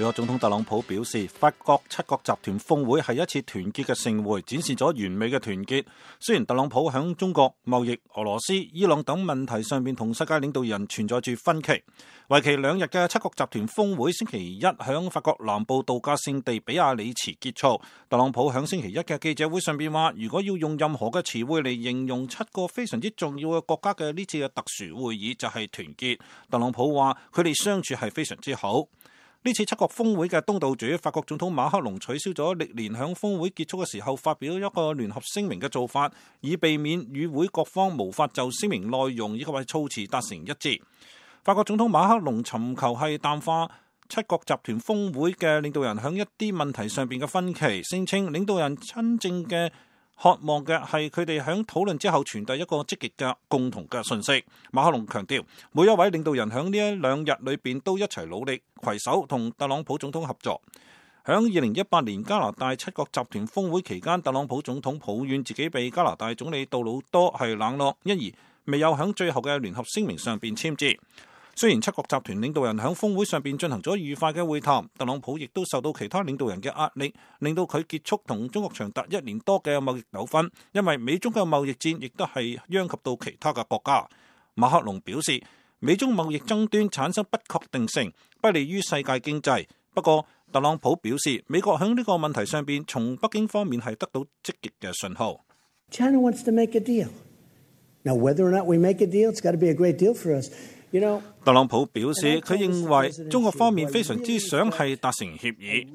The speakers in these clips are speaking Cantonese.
美國總統特朗普表示，法國七國集團峰會係一次團結嘅盛會，展示咗完美嘅團結。雖然特朗普響中國、貿易、俄羅斯、伊朗等問題上邊同世界領導人存在住分歧，為期兩日嘅七國集團峰會星期一響法國南部度假勝地比亞里茨結束。特朗普響星期一嘅記者會上邊話，如果要用任何嘅詞彙嚟形容七個非常之重要嘅國家嘅呢次嘅特殊會議，就係團結。特朗普話佢哋相處係非常之好。呢次七國峰會嘅東道主法國總統馬克龍取消咗歷年響峰會結束嘅時候發表一個聯合聲明嘅做法，以避免與會各方無法就聲明內容以及話措辭達成一致。法國總統馬克龍尋求係淡化七國集團峰會嘅領導人響一啲問題上邊嘅分歧，聲稱領導人真正嘅渴望嘅係佢哋響討論之後傳遞一個積極嘅共同嘅信息。馬克龍強調，每一位領導人響呢一兩日裏邊都一齊努力，攜手同特朗普總統合作。響二零一八年加拿大七國集團峰會期間，特朗普總統抱怨自己被加拿大總理杜魯多係冷落，因而未有響最後嘅聯合聲明上邊簽字。雖然七國集團領導人喺峰會上邊進行咗愉快嘅會談，特朗普亦都受到其他領導人嘅壓力，令到佢結束同中國長達一年多嘅貿易糾紛。因為美中嘅貿易戰亦都係殃及到其他嘅國家。馬克龍表示，美中貿易爭端產生不確定性，不利於世界經濟。不過，特朗普表示，美國喺呢個問題上邊從北京方面係得到積極嘅信號。China wants to make a deal. Now, whether or not we make a deal, it's got to be a great deal for us. 特朗普表示，佢認為中國方面非常之想係達成協議。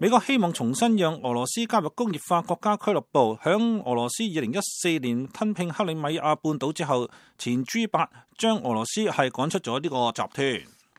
美國希望重新讓俄羅斯加入工業化國家俱樂部。響俄羅斯二零一四年吞併克里米亞半島之後，前 G8 將俄羅斯係趕出咗呢個集團。